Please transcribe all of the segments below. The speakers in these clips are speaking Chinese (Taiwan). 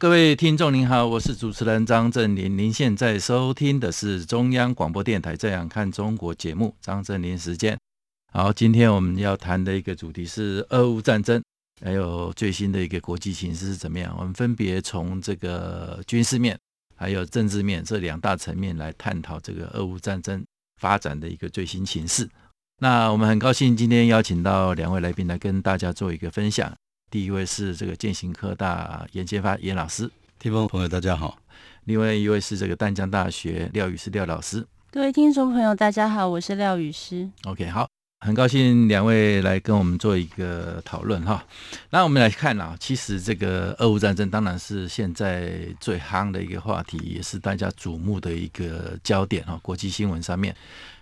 各位聽眾您好，我是主持人張正霖。您現在收聽的是中央廣播電台《這樣看中國》節目，張正霖時間。好，今天我們要談的一個主題是俄烏戰爭，還有最新的一個國際情勢是怎麼樣。我們分別從這個軍事面，還有政治面這兩大層面來探討這個俄烏戰爭發展的一個最新情勢。那我們很高興今天邀請到兩位來賓來跟大家做一個分享。第一位是這個健行科大嚴建發嚴老師，聽眾朋友大家好。另外一位是這個淡江大學廖雨詩廖老師，各位聽眾朋友大家好，我是廖雨詩。OK，好。很高興兩位來跟我們做一個討論哈。那我們來看啊，其實這個俄烏戰爭當然是現在最夯的一個話題，也是大家矚目的一個焦點哈。國際新聞上面，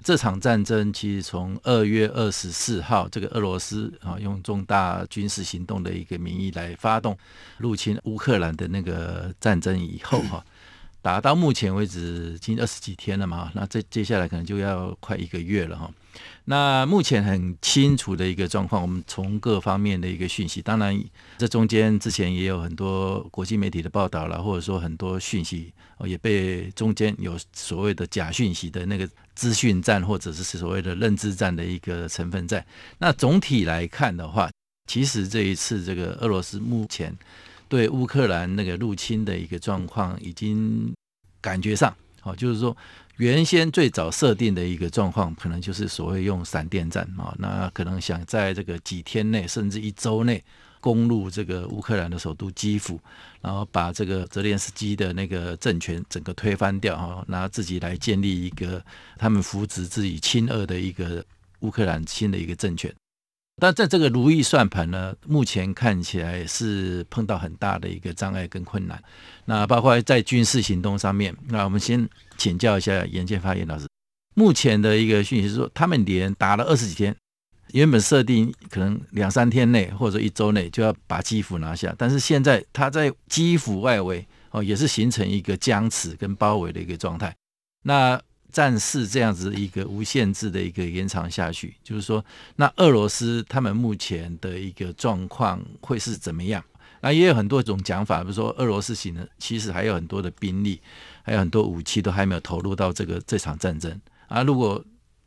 這場戰爭其實從二月二十四號，這個俄羅斯啊用重大軍事行動的一個名義來發動入侵烏克蘭的那個戰爭以後哈、嗯，達到目前為止已經二十幾天了嘛。那這接下來可能就要快一個月了哈。那目前很清楚的一個狀況，我們從各方面的一個訊息，當然這中間之前也有很多國際媒體的報道啦，或者說很多訊息也被中間有所謂的假訊息的那個資訊戰，或者是所謂的認知戰的一個成分在。那總體來看的話，其實這一次這個俄羅斯目前對烏克蘭那個入侵的一個狀況已經感覺上。哦，就是說，原先最早設定的一個狀況，可能就是所謂用閃電戰啊、哦，那可能想在這個幾天內，甚至一周內攻入這個烏克蘭的首都基輔，然後把這個澤連斯基的那個政權整個推翻掉啊，然後、哦、自己來建立一個他們扶植自己親俄的一個烏克蘭新的一個政權。但在這個如意算盤呢，目前看起來是碰到很大的一個障礙跟困難。那包括在軍事行動上面，那我們先請教一下顏建發顏老師。目前的一個訊息是說，他們連打了二十幾天，原本設定可能兩三天內或者說一週內就要把基輔拿下，但是現在他在基輔外圍哦，也是形成一個僵持跟包圍的一個狀態。那戰事這樣子一個無限制的一個延長下去，就是說，那俄羅斯他們目前的一個狀況會是怎麼樣？那也有很多種講法，比如說，俄羅斯現在其實還有很多的兵力，還有很多武器都還沒有投入到這個這場戰爭。啊，如果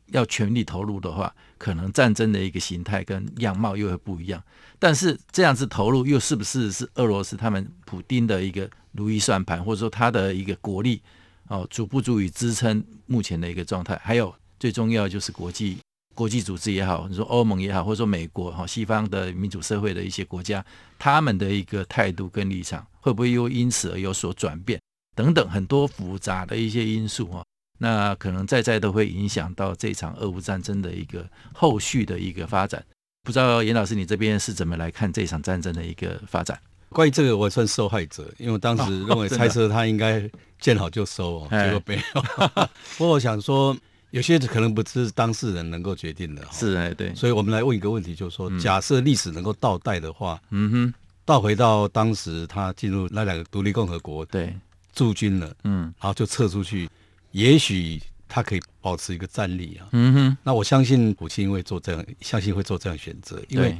要全力投入的話，可能戰爭的一個形態跟樣貌又會不一樣。但是這樣子投入又是不是是俄羅斯他們普丁的一個如意算盤，或者說他的一個國力？哦，足不足以支撐目前的一個狀態。還有最重要就是國際國際組織也好，你說歐盟也好，或者說美國哈西方的民主社會的一些國家，他們的一個態度跟立場會不會又因此而有所轉變？等等，很多複雜的一些因素啊，那可能再再都會影響到這場俄烏戰爭的一個後續的一個發展。不知道顏老師你這邊是怎麼來看這場戰爭的一個發展？關於這個，我也算受害者，因為我當時認為猜測他應該見好就收，哦哦，結果沒有。 不過我想說，有些可能不是當事人能夠決定的。是哎，啊，對。所以我們來問一個問題，就是說，嗯，假設歷史能夠倒帶的話，嗯哼，倒回到當時他進入那兩個獨立共和國，對，駐軍了，嗯，然後就撤出去，嗯，也許他可以保持一個戰力啊。嗯哼，那我相信普丁會做這樣，相信會做這樣選擇，因為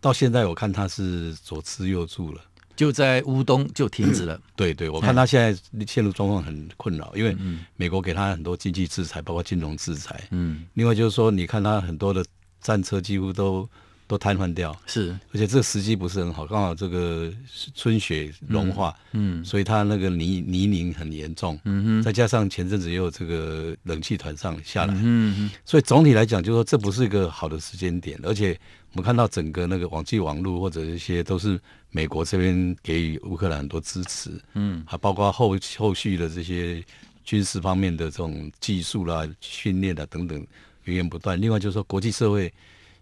到現在我看他是左支右絀了。就在烏東就停止了。嗯，對對，我看他現在陷入狀況很困擾，因為美國給他很多經濟制裁，包括金融制裁。嗯，另外就是說，你看他很多的戰車幾乎都。都癱瘓掉，是，而且這個時機不是很好，剛好這個春雪融化，嗯，嗯，所以它那個泥泥濘很嚴重，嗯，再加上前陣子又有這個冷氣團上下來，嗯，所以總體來講，就是說這不是一個好的時間點，而且我們看到整個那個網際網絡或者一些都是美國這邊給予烏克蘭很多支持，嗯，還包括後後續的這些軍事方面的這種技術啦、啊、訓練啦等等源源不斷。另外就是說國際社會。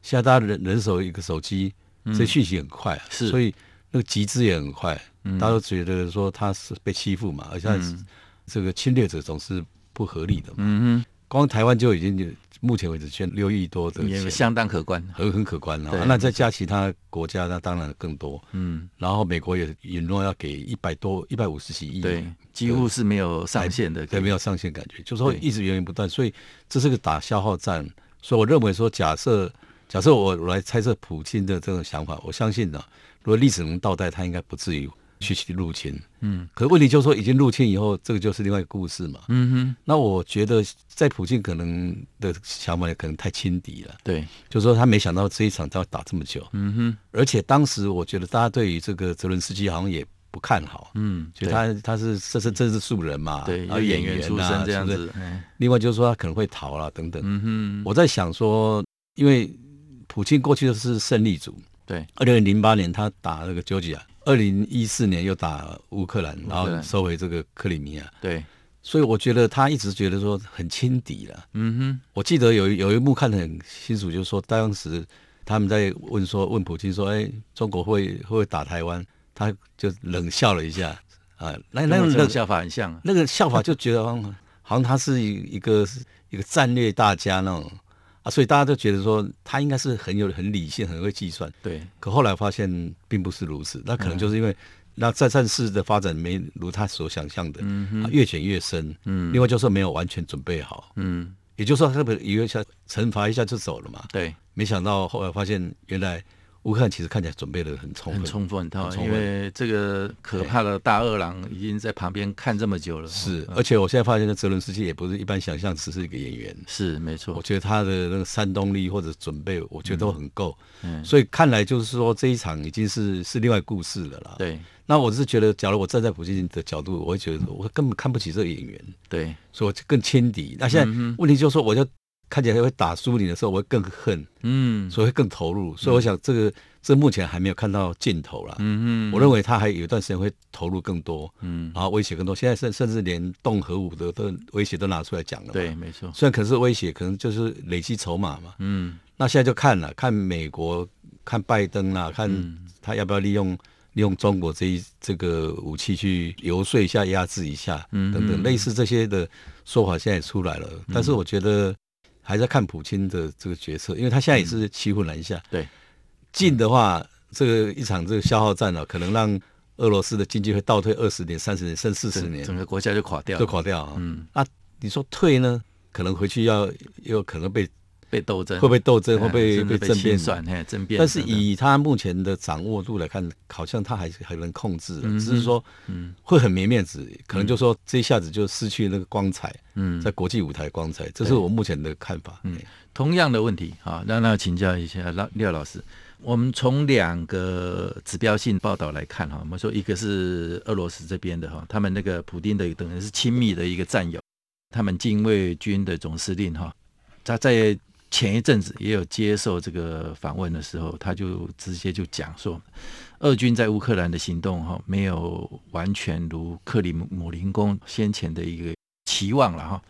現在大家人人手一個手機，這訊息很快，是、嗯，所以那個集資也很快。大家都覺得說他是被欺負嘛、嗯，而且這個侵略者總是不合理的。嗯，光台灣就已經目前為止捐六億多的，也相當可觀，很很可觀了。那再加其他國家，那當然更多。嗯，然後美國也允諾要給一百多、一百五十幾億。對，幾乎是沒有上限的，對，沒有上限的感覺，就是會一直源源不斷。所以這是個打消耗戰。所以我認為說，假設假設我我來猜測普京的這種想法，我相信呢、啊，如果歷史能倒帶，他應該不至於去去入侵。嗯，可是問題就是說，已經入侵以後，這個就是另外一個故事嘛。嗯哼。那我覺得，在普京可能的想法也可能太輕敵了。對，就是說他沒想到這一場他要打這麼久。嗯哼。而且當時我覺得大家對於這個澤倫斯基好像也不看好。嗯。他他是這是這是政治素人嘛，對，然後演員出身、啊、這樣子是是、欸。另外就是說他可能會逃啦、啊、等等。嗯哼。我在想說，因為。普京過去都是勝利組，對。二零零八年他打那個喬治亞，二零一四年又打烏克蘭，然後收回這個克里米亞。對，所以我覺得他一直覺得說很輕敵了。嗯哼，我記得有一有一幕看得很清楚，就是說當時他們在問說，問普京說，哎、欸，中國會會不會打台灣？他就冷笑了一下，啊，那那個笑法很像、啊，那個笑法就覺得好像，好像他是一個一個戰略大家那種。所以大家都覺得說他應該是很有很理性，很會計算，對。可後來發現並不是如此，那可能就是因為那戰戰事的發展沒如他所想象的，嗯、啊、越陷越深，嗯。另外就是沒有完全準備好，嗯。也就是說，特別一下懲罰一下就走了嘛，對。沒想到後來發現原來。烏克蘭其實看起來準備得很，很充分，很充分，因為這個可怕的大惡狼已經在旁邊看這麼久了。是，嗯、而且我現在發現，澤倫斯基也不是一般想象只是一個演員。是，沒錯。我覺得他的那個煽動力或者準備，我覺得都很夠、嗯嗯。所以看來就是說這一場已經是是另外一個故事了啦。對。那我是覺得，假如我站在普京的角度，我會覺得我根本看不起這個演員。對。所以我就更輕敵。那現在問題就是說，我就、嗯。看起來會打輸你的時候，我會更恨，嗯，所以會更投入。所以我想，這個這目前還沒有看到盡頭了。嗯嗯，我認為他還有一段時間會投入更多，嗯，然後威脅更多。現在甚甚至連動核武的都威脅都拿出來講了。對，沒錯。雖然可是威脅，可能就是累積籌碼嘛。嗯，那現在就看了，看美國，看拜登啦、啊，看他要不要利用利用中國這一這個武器去遊說一下、壓制一下等等類似這些的說法，現在也出來了。但是我覺得。還是要看普京的這個決策，因為他現在也是騎虎難下，嗯。對，進的話，這個一場這個消耗戰啊，可能讓俄羅斯的經濟會倒退二十年，三十年，甚至四十年，整個國家就垮掉，就垮掉啊。嗯，那、啊、你說退呢？可能回去要，又可能被。被鬥爭，會被鬥爭，會，不會被是不是被清算，嘿？政變。但是以他目前的掌握度來看，好像他還還能控制、嗯，只是說會很沒面子，嗯、可能就說這一下子就失去那個光彩。嗯，在國際舞台光彩，這是我目前的看法。嗯，同樣的問題啊，那那請教一下廖廖老師，我們從兩個指標性報道來看哈，我們說一個是俄羅斯這邊的哈，他們那個普丁的等於是親密的一個戰友，他們近衛軍的總司令哈，他在。前一陣子也有接受這個訪問的時候，他就直接就講說，俄軍在烏克蘭的行動哈，沒有完全如克里姆林宮先前的一個期望了哈，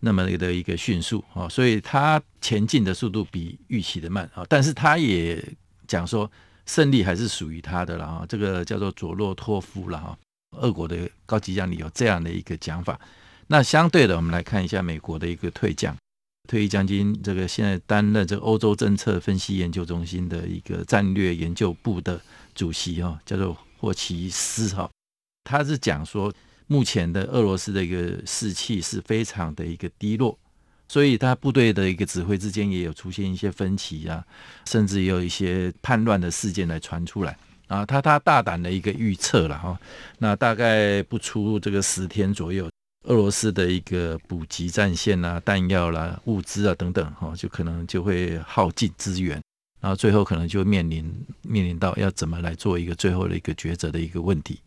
那麼的一個迅速啊，所以他前進的速度比預期的慢啊，但是他也講說，勝利還是屬於他的了哈，這個叫做佐洛托夫了哈，俄國的高級將領有這樣的一個講法。那相對的，我們來看一下美國的一個退將。退役將軍，這個現在擔任這個歐洲政策分析研究中心的一個戰略研究部的主席哈、哦，叫做霍奇斯哈，他是講說目前的俄羅斯的一個士氣是非常的一個低落，所以他部隊的一個指揮之間也有出現一些分歧啊，甚至也有一些叛亂的事件來傳出來啊，他他大膽的一個預測了哈，那大概不出這個十天左右。俄羅斯的一個補給戰線啊，彈藥啦、物資啊等等，哈，就可能就會耗盡資源，然後最後可能就面臨面臨到要怎麼來做一個最後的一個抉擇的一個問題。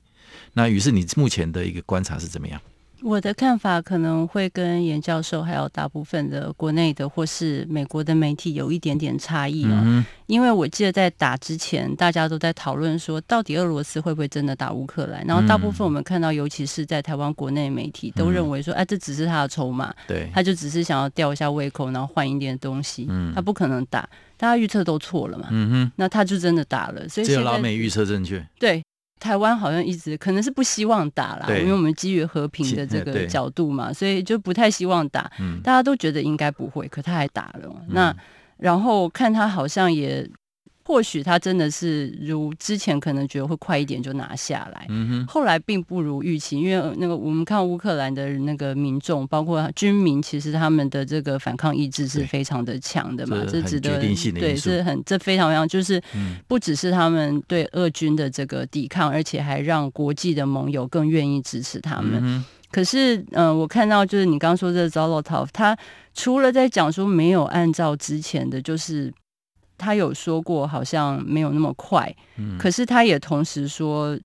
那於是你目前的一個觀察是怎麼樣？我的看法可能會跟顏教授還有大部分的國內的或是美國的媒體有一點點差異哦、嗯，因為我記得在打之前大家都在討論說到底俄羅斯會不會真的打烏克蘭、嗯，然後大部分我們看到，尤其是在台灣國內媒體都認為說，哎、嗯啊，這只是他的籌碼，對，他就只是想要吊一下胃口，然後換一點東西、嗯，他不可能打，大家預測都錯了嘛，嗯哼，那他就真的打了，所以只有老美預測正確，對。台灣好像一直可能是不希望打啦，因為我們基於和平的這個角度嘛、嗯，所以就不太希望打。嗯、大家都覺得應該不會，可他還打了、嗯。那然後看他好像也。或許他真的是如之前可能覺得會快一點就拿下來，嗯哼，後來並不如預期，因為那個我們看烏克蘭的那個民眾，包括軍民，其實他們的這個反抗意志是非常的強的嘛，欸、這值得，對，是很這非常非常就是，不只是他們對俄軍的這個抵抗，而且還讓國際的盟友更願意支持他們。嗯、可是，嗯、呃，我看到就是你剛說這 Zolotov，他除了在講說沒有按照之前的就是。他有說過，好像沒有那麼快。嗯。可是他也同時說，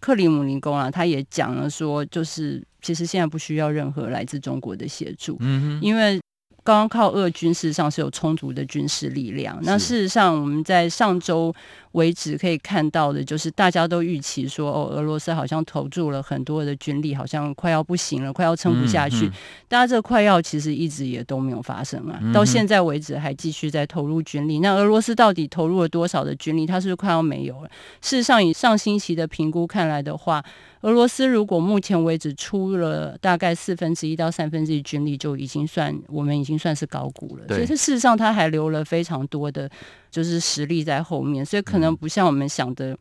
克里姆林宮啊，他也講了說，就是其實現在不需要任何來自中國的協助。嗯。因為剛剛靠俄軍事實上是有充足的軍事力量。那事實上，我們在上周。為止可以看到的，就是大家都預期說，哦，俄羅斯好像投入了很多的軍力，好像快要不行了，快要撐不下去。大、嗯、家、嗯、這快要其實一直也都沒有發生啊，嗯、到現在為止還繼續在投入軍力。嗯、那俄羅斯到底投入了多少的軍力？它是不是快要沒有了？事實上，以上星期的評估看來的話，俄羅斯如果目前為止出了大概四分之一到三分之一軍力，就已經算我們已經算是高估了。所以這事實上，它還留了非常多的。就是實力在後面，所以可能不像我們想的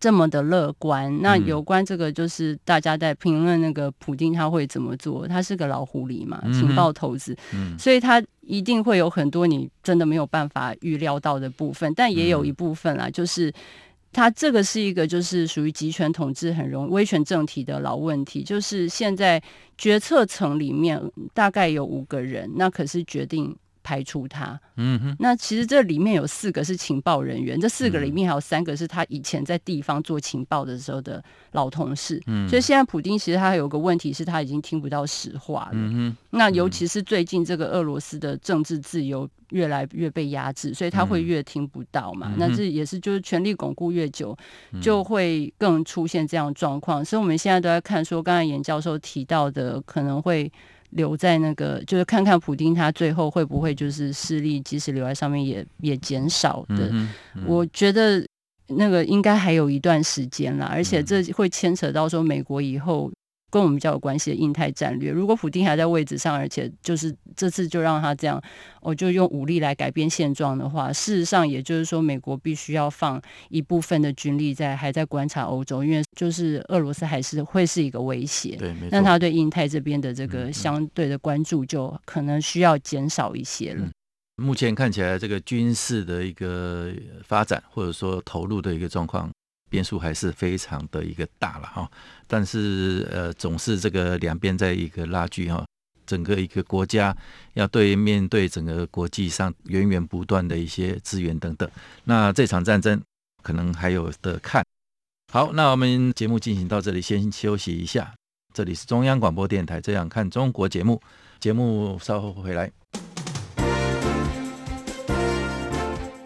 這麼的樂觀。嗯、那有關這個，就是大家在評論那個普丁他會怎麼做，他是個老狐狸嘛，情報頭子、嗯，所以他一定會有很多你真的沒有辦法預料到的部分。但也有一部分啦，就是他這個是一個就是屬於集權統治、很容易威權政體的老問題，就是現在決策層裡面大概有五個人，那可是決定。排除他，嗯，那其實這裡面有四個是情報人員，這四個裡面還有三個是他以前在地方做情報的時候的老同事，嗯，所以現在普丁其實他還有個問題是，他已經聽不到實話了，嗯，嗯那尤其是最近這個俄羅斯的政治自由越來越被壓制，所以他會越聽不到嘛，那這也是就是權力鞏固越久就會更出現這樣狀況，所以我們現在都在看說，剛才顏教授提到的可能會。留在那個，就是看看普丁他最後會不會就是勢力，即使留在上面也也減少的、嗯嗯。我覺得那個應該還有一段時間啦，而且這會牽扯到說美國以後。跟我們比較有關係的印太戰略，如果普丁還在位置上，而且就是這次就讓他這樣，我、哦、就用武力來改變現狀的話，事實上也就是說，美國必須要放一部分的軍力在還在觀察歐洲，因為就是俄羅斯還是會是一個威脅。對，沒錯。那他對印太這邊的這個相對的關注就可能需要減少一些了、嗯嗯。目前看起來，這個軍事的一個發展或者說投入的一個狀況。變數還是非常的一個大了哈，但是呃，總是這個兩邊在一個拉鋸哈，整個一個國家要對面對整個國際上源源不斷的一些資源等等，那這場戰爭可能還有得看。好，那我們節目進行到這裡，先休息一下。這裡是中央廣播電台《這樣看中國》節目，節目稍後回來。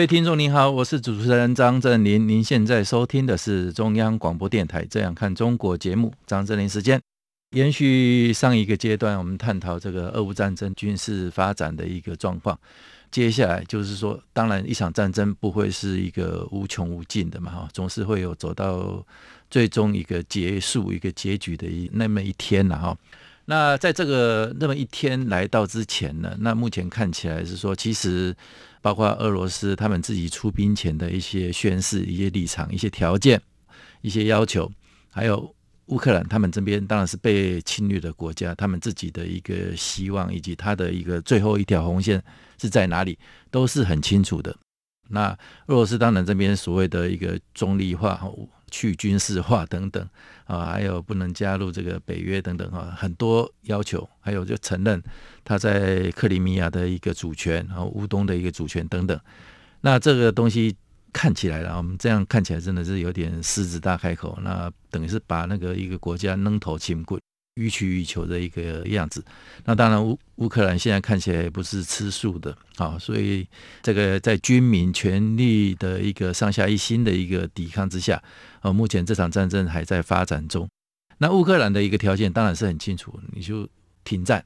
各位聽眾您好，我是主持人張正霖，您現在收聽的是中央廣播電臺《這樣看中國》節目，張正霖時間。延續上一個階段，我們探討這個俄烏戰爭軍事發展的一個狀況，接下來就是說，當然一場戰爭不會是一個無窮無盡的嘛，總是會有走到最終一個結束、一個結局的那麼一天了哈。那在這個那麼一天來到之前呢，那目前看起來是說，其實包括俄羅斯他們自己出兵前的一些宣示、一些立場、一些條件、一些要求，還有烏克蘭他們這邊當然是被侵略的國家，他們自己的一個希望以及他的一個最後一條紅線是在哪裡，都是很清楚的。那俄羅斯當然這邊所謂的一個中立化，去軍事化等等啊，還有不能加入這個北約等等啊，很多要求，還有就承認他在克里米亞的一個主權，然後烏東的一個主權等等。那這個東西看起來啦，我們這樣看起來真的是有點獅子大開口，那等於是把那個一個國家扔頭青棍。予取予求的一個樣子，那當然烏烏克蘭現在看起來不是吃素的啊，所以這個在軍民全力的一個上下一心的一個抵抗之下，啊，目前這場戰爭還在發展中。那烏克蘭的一個條件當然是很清楚，你就停戰，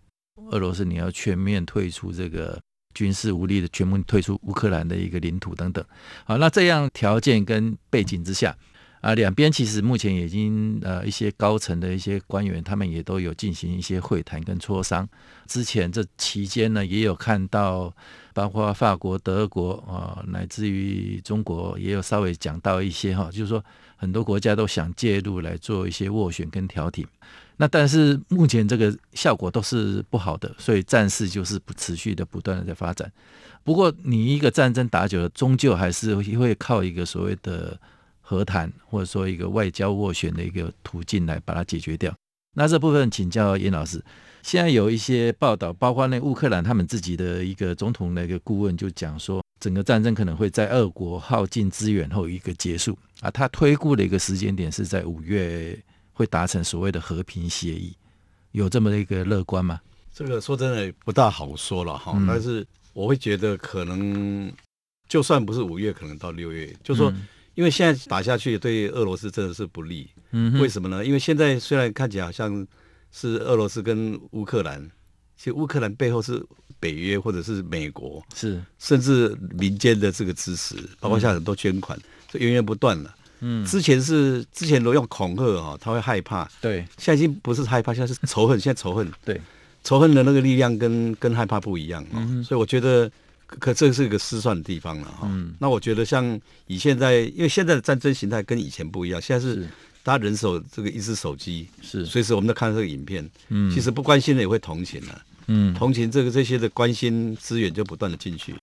俄羅斯你要全面退出這個軍事武力的全部退出烏克蘭的一個領土等等好，啊，那這樣條件跟背景之下。啊，兩邊其實目前已經呃一些高層的一些官員，他們也都有進行一些會談跟磋商。之前這期間呢，也有看到包括法國、德國啊、呃，乃至於中國也有稍微講到一些哈、哦，就是說很多國家都想介入來做一些斡旋跟調停。那但是目前這個效果都是不好的，所以戰事就是不持續的、不斷的在發展。不過你一個戰爭打久了，終究還是會靠一個所謂的。和談，或者說一個外交斡旋的一個途徑來把它解決掉。那這部分請教嚴老師。現在有一些報道，包括那烏克蘭他們自己的一個總統那個顧問就講說，整個戰爭可能會在俄國耗盡資源後一個結束啊。他推估的一個時間點是在五月會達成所謂的和平協議，有這麼一個樂觀嗎？這個說真的不大好說了哈、嗯。但是我會覺得可能，就算不是五月，可能到六月、嗯，就說。因為現在打下去對俄羅斯真的是不利，嗯，為什麼呢？因為現在雖然看起來好像是俄羅斯跟烏克蘭，其實烏克蘭背後是北約或者是美國，是，甚至民間的這個支持，包括現在很多捐款，嗯，就源源不斷了。嗯，之前是之前都用恐嚇，哦，哈，他會害怕，對，現在已經不是害怕，現在是仇恨，現在仇恨，對，仇恨的那個力量跟跟害怕不一樣，哦，嗯，所以我覺得。可這是一個失算的地方了哈、嗯。那我覺得像以現在，因為現在的戰爭形態跟以前不一樣，現在是，大家人手這個一隻手機，是隨時我們在看這個影片。嗯，其實不關心的也會同情了、啊。嗯，同情這個這些的關心資源就不斷的進去。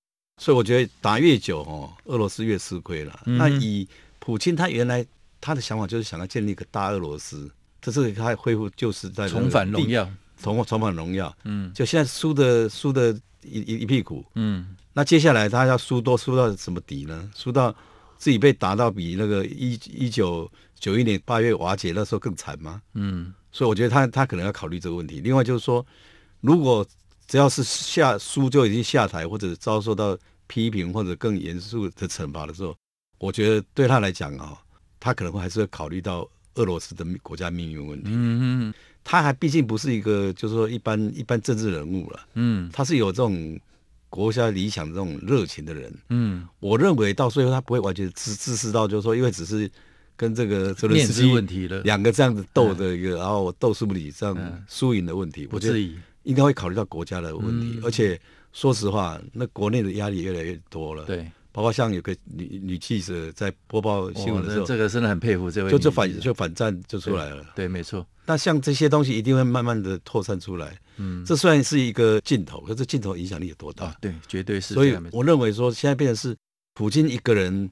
所以我覺得打越久哦，俄羅斯越吃虧了、嗯。那以普京他原來他的想法就是想要建立一個大俄羅斯，這是他恢復就是在重返榮耀。重重返榮耀，嗯，就現在輸的輸的一一一屁股，嗯，那接下來他要輸多輸到什麼底呢？輸到自己被打到比那個一一九九一年八月瓦解那時候更慘嗎？嗯，所以我覺得他他可能要考慮這個問題。另外就是說，如果只要是下輸就已經下台，或者遭受到批評或者更嚴肅的懲罰的時候，我覺得對他來講啊、哦，他可能還是會考慮到俄羅斯的國家命運問題。嗯嗯。他還畢竟不是一個，就是說一般一般政治人物了。嗯，他是有這種國家理想這種熱情的人。嗯，我認為到最後他不會完全自自事到，就是說，因為只是跟這個澤連斯基兩個這樣子鬥的一個，然後我鬥輸不理，這樣輸贏的問題。嗯，我覺得應該會考慮到國家的問題。嗯。而且說實話，那國內的壓力越來越多了。對。包括像有個女女記者在播報新聞的時候、哦這，這個真的很佩服這位，就，就反就反戰就出來了對。對，沒錯。那像這些東西一定會慢慢的擴散出來。嗯，這算是一個鏡頭，可是鏡頭影響力有多大？啊？對，絕對是。所以我認為說，現在變成是普京一個人。嗯。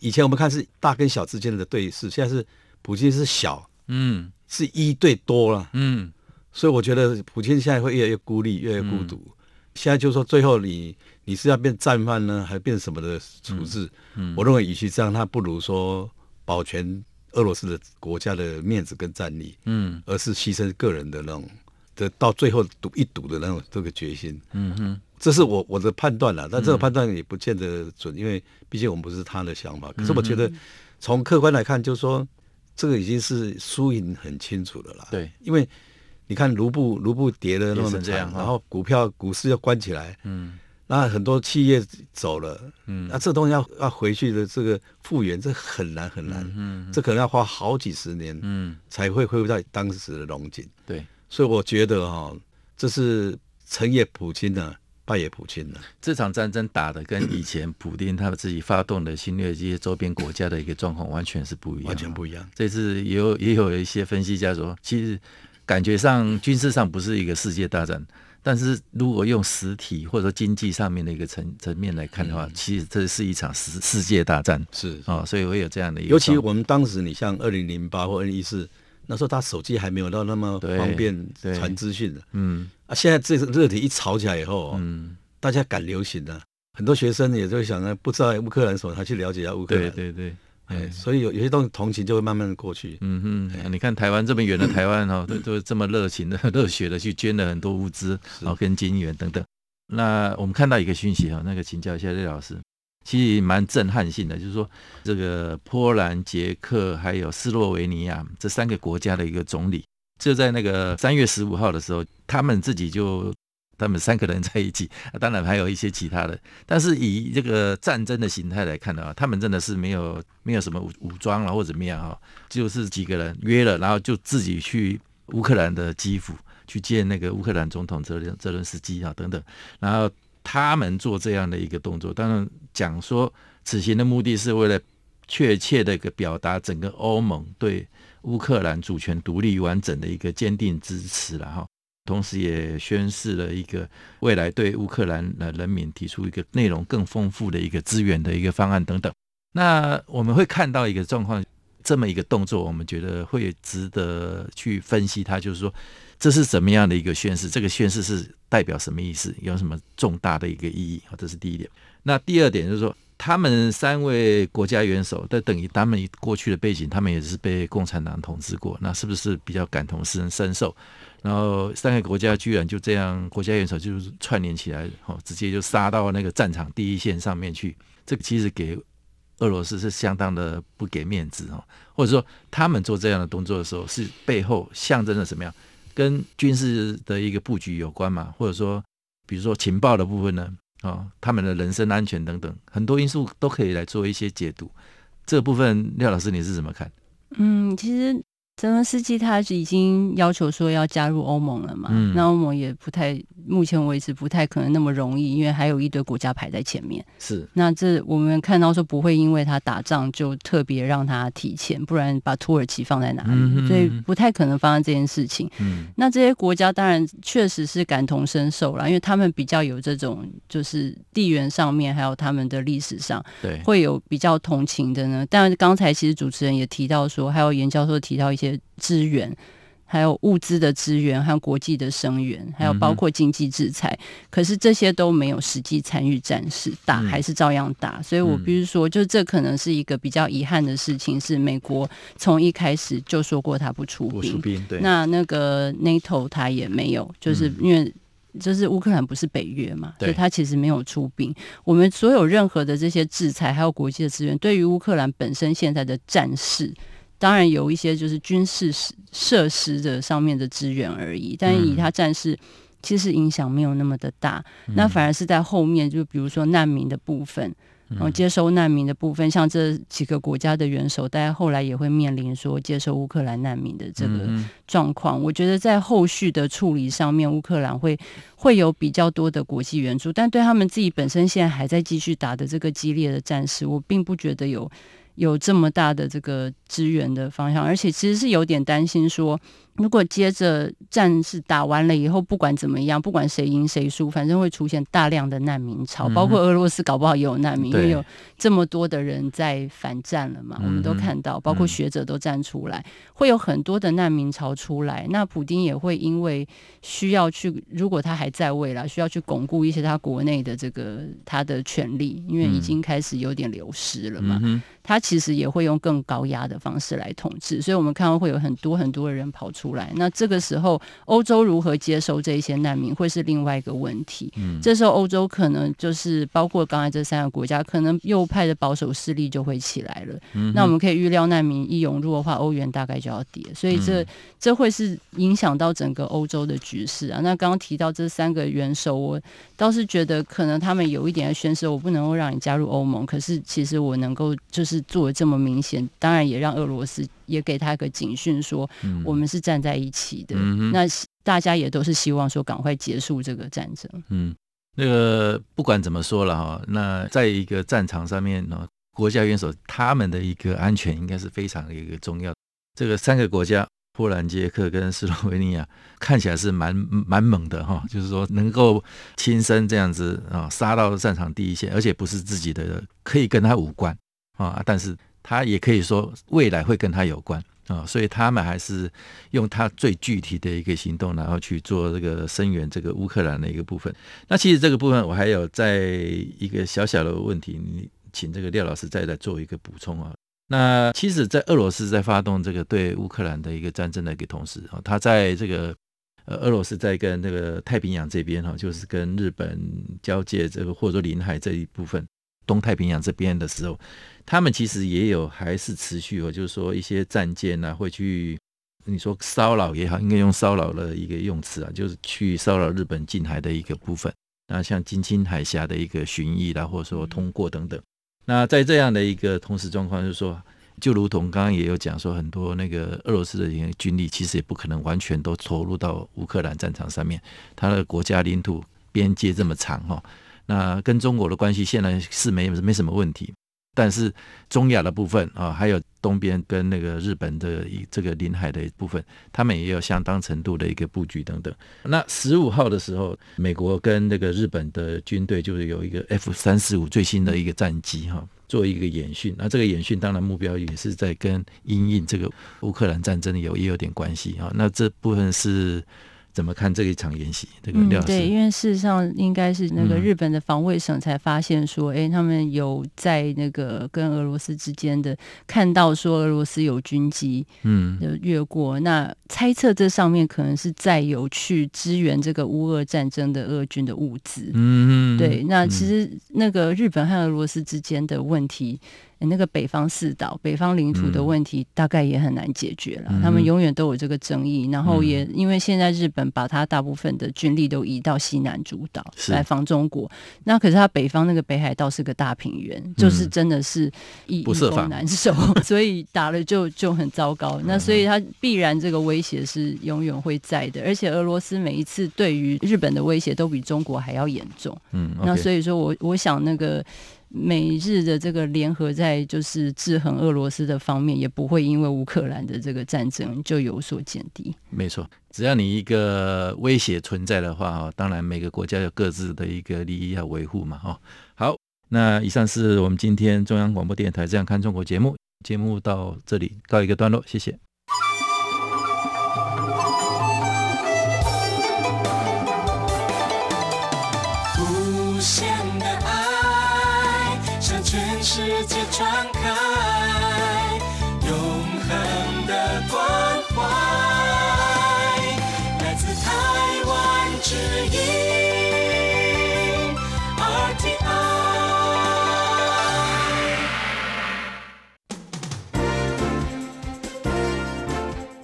以前我們看是大跟小之間的對視，現在是普京是小，嗯，是一對多了、啊，嗯。所以我覺得普京現在會越來越孤立，越來越孤獨。嗯、現在就是說最後你。你是要變戰犯呢，還是變什麼的處置？嗯嗯、我認為與其這樣，他不如說保全俄羅斯的國家的面子跟戰力，嗯，而是犧牲個人的那種，的到最後賭一賭的那種這個決心，嗯哼，這是我我的判斷了，但這個判斷也不見得準，嗯、因為畢竟我們不是他的想法。可是我覺得從客觀來看，就是說這個已經是輸贏很清楚的了啦，對、嗯，因為你看盧布盧布跌的那麼慘、哦，然後股票股市要關起來，嗯。那很多企業走了，嗯，那、啊、這東西要要回去的，這個復原這很難很難，嗯哼哼，這可能要花好幾十年，嗯，才會恢復到當時的榮景、嗯，對，所以我覺得哈、哦，這是成也普京呢、啊嗯，敗也普京呢、啊。這場戰爭打的跟以前普丁他們自己發動的侵略這些周邊國家的一個狀況完全是不一樣、啊，完全不一樣。這次也有也有一些分析家說，其實感覺上軍事上不是一個世界大戰。但是如果用實體或者說經濟上面的一個層層面來看的話，嗯，其實這是一場世世界大戰。是啊，哦，所以會有這樣的一個。尤其我們當時，你像二零零八或二零一四，那時候他手機還沒有到那麼方便傳資訊嗯啊，嗯啊現在這個熱點一炒起來以後，啊，嗯，大家趕流行了，啊，很多學生也都想呢，不知道烏克蘭什麼，他去了解一下烏克蘭。對對對。所以有有些東西同情就會慢慢的過去。嗯哼，啊、你看台灣這麼遠的台灣哦， 都這麼熱情的、熱血的去捐了很多物資、然後、哦、跟金、元等等。那我們看到一個訊息哈，那個請教一下廖老師，其實蠻震撼性的，就是說，這個波蘭、捷克還有斯洛維尼亞這三個國家的一個總理，就在那個三月十五號的時候，他們自己就。他們三個人在一起，啊，當然還有一些其他的。但是以這個戰爭的形態來看的話，他們真的是沒有沒有什麼武武裝了或者怎麼樣啊，就是幾個人約了，然後就自己去烏克蘭的基輔去見那個烏克蘭總統澤澤倫斯基啊等等，然後他們做這樣的一個動作。當然講說此行的目的是為了確切的一個表達整個歐盟對烏克蘭主權獨立完整的一個堅定支持，然後啊。同時，也宣示了一個未來對烏克蘭的人民提出一個內容更豐富的一個資源的一個方案等等。那我們會看到一個狀況，這麼一個動作，我們覺得會值得去分析它，就是說這是怎麼樣的一個宣示？這個宣示是代表什麼意思？有什麼重大的一個意義？啊，這是第一點。那第二點就是說，他們三位國家元首，但等於他們過去的背景，他們也是被共產黨統治過，那是不是比較感同身受？然後三個國家居然就這樣，國家元首就是串聯起來，哦，直接就殺到那個戰場第一線上面去。這個其實給俄羅斯是相當的不給面子哦，或者說他們做這樣的動作的時候，是背後象徵了什麼樣？跟軍事的一個布局有關嘛？或者說，比如說情報的部分呢？啊，哦，他們的人身安全等等，很多因素都可以來做一些解讀。這個部分，廖老師你是怎麼看？嗯，其實。澤文斯基他是已經要求說要加入歐盟了嘛？嗯、那歐盟也不太，目前為止不太可能那麼容易，因為還有一堆國家排在前面。是，那這我們看到說不會因為他打仗就特別讓他提前，不然把土耳其放在哪裡，嗯？所以不太可能發生這件事情。嗯，那這些國家當然確實是感同身受了，因為他們比較有這種就是地緣上面，還有他們的歷史上，對，會有比較同情的呢。但剛才其實主持人也提到說，還有嚴教授提到一些。資源，還有物資的資源，還有國際的聲援，還有包括經濟制裁、嗯，可是這些都沒有實際參與戰事，打、嗯、還是照樣打。所以，我必須說，就這可能是一個比較遺憾的事情，是美國從一開始就說過他不出兵不，那那個 NATO 他也沒有，就是因為就是烏克蘭不是北約嘛，對，所以他其實沒有出兵。我們所有任何的這些制裁，還有國際的資源，對於烏克蘭本身現在的戰事。當然有一些就是軍事設施的上面的資源而已，但以他戰事其實影響沒有那麼的大、嗯，那反而是在後面，就比如說難民的部分，嗯，然後接收難民的部分，像這幾個國家的元首，大家後來也會面臨說接收烏克蘭難民的這個狀況、嗯。我覺得在後續的處理上面，烏克蘭會會有比較多的國際援助，但對他們自己本身現在還在繼續打的這個激烈的戰事，我並不覺得有。有這麼大的這個支援的方向，而且其實是有點擔心說，如果接着戰事打完了以後，不管怎麼樣，不管誰贏誰輸，反正會出現大量的難民潮，包括俄羅斯搞不好也有難民、嗯，因為有這麼多的人在反戰了嘛，我們都看到，包括學者都站出來、嗯嗯，會有很多的難民潮出來。那普丁也會因為需要去，如果他還在位了，需要去鞏固一些他國內的這個他的權力，因為已經開始有點流失了嘛。嗯嗯嗯他其實也會用更高壓的方式來統治，所以，我們看到會有很多很多的人跑出來。那這個時候，歐洲如何接收這一些難民，會是另外一個問題。嗯，這時候歐洲可能就是包括剛才這三個國家，可能右派的保守勢力就會起來了。嗯，那我們可以預料，難民一湧入的話，歐元大概就要跌。所以這，這這會是影響到整個歐洲的局勢啊。那剛剛提到這三個元首，我倒是覺得可能他們有一點的宣誓，我不能夠讓你加入歐盟，可是其實我能夠就是。是做的這麼明顯，當然也讓俄羅斯也給他一個警訊說，說、嗯、我們是站在一起的、嗯。那大家也都是希望說趕快結束這個戰爭。嗯，那個不管怎麼說了哈，那在一個戰場上面呢，國家元首他們的一個安全應該是非常的一個重要的。這個三個國家波蘭、捷克跟斯洛維尼亞看起來是蠻蠻猛的哈，就是說能夠親身這樣子啊殺到戰場第一線，而且不是自己的，可以跟他無關。啊，但是他也可以說未來會跟他有關啊，所以他們還是用他最具體的一個行動，然後去做這個聲援這個烏克蘭的一個部分。那其實這個部分，我還有在一個小小的問題，你請這個廖老師再來做一個補充啊。那其實，在俄羅斯在發動這個對烏克蘭的一個戰爭的一個同時啊，他在這個呃俄羅斯在跟那個太平洋這邊哈，就是跟日本交界這個或者說領海這一部分。東太平洋這邊的時候，他們其實也有還是持續，就是說一些戰艦呢、啊、會去，你說騷擾也好，應該用騷擾的一個用詞啊，就是去騷擾日本近海的一個部分。那像津輕海峽的一個巡弋啦，或者說通過等等。那在這樣的一個同時狀況，就是說，就如同剛剛也有講說，很多那個俄羅斯的軍力其實也不可能完全都投入到烏克蘭戰場上面，它的國家領土邊界這麼長哈。那跟中國的關係現在是沒沒什麼問題，但是中亞的部分啊，還有東邊跟那個日本的這個領海的一部分，他們也有相當程度的一個布局等等。那十五號的時候，美國跟那個日本的軍隊就是有一個 F 三十五最新的一個戰機哈，做一個演訓。那這個演訓當然目標也是在跟因應這個烏克蘭戰爭有也有點關係啊。那這部分是。怎麼看這一場演習？這個廖老師，嗯，對，因為事實上應該是那個日本的防衛省才發現說，誒、嗯欸，他們有在那個跟俄羅斯之間的看到說俄羅斯有軍機，嗯，就越過，那猜測這上面可能是再有去支援這個烏俄戰爭的俄軍的物資，嗯，對，那其實那個日本和俄羅斯之間的問題。那個北方四島、北方領土的問題，大概也很難解決了、嗯。他們永遠都有這個爭議。嗯、然後也因為現在日本把它大部分的軍力都移到西南諸島來防中國，那可是他北方那個北海道是個大平原，嗯、就是真的是易易攻難守，所以打了就就很糟糕。嗯、那所以它必然這個威脅是永遠會在的。而且俄羅斯每一次對於日本的威脅都比中國還要嚴重。嗯、okay，那所以說我我想那個。美日的這個聯合在就是制衡俄羅斯的方面，也不會因為烏克蘭的這個戰爭就有所減低。沒錯，只要你一個威脅存在的話，哦，當然每個國家有各自的一個利益要維護嘛，哦。好，那以上是我們今天中央廣播電臺《這樣看中國》節目，節目到這裡告一個段落，謝謝。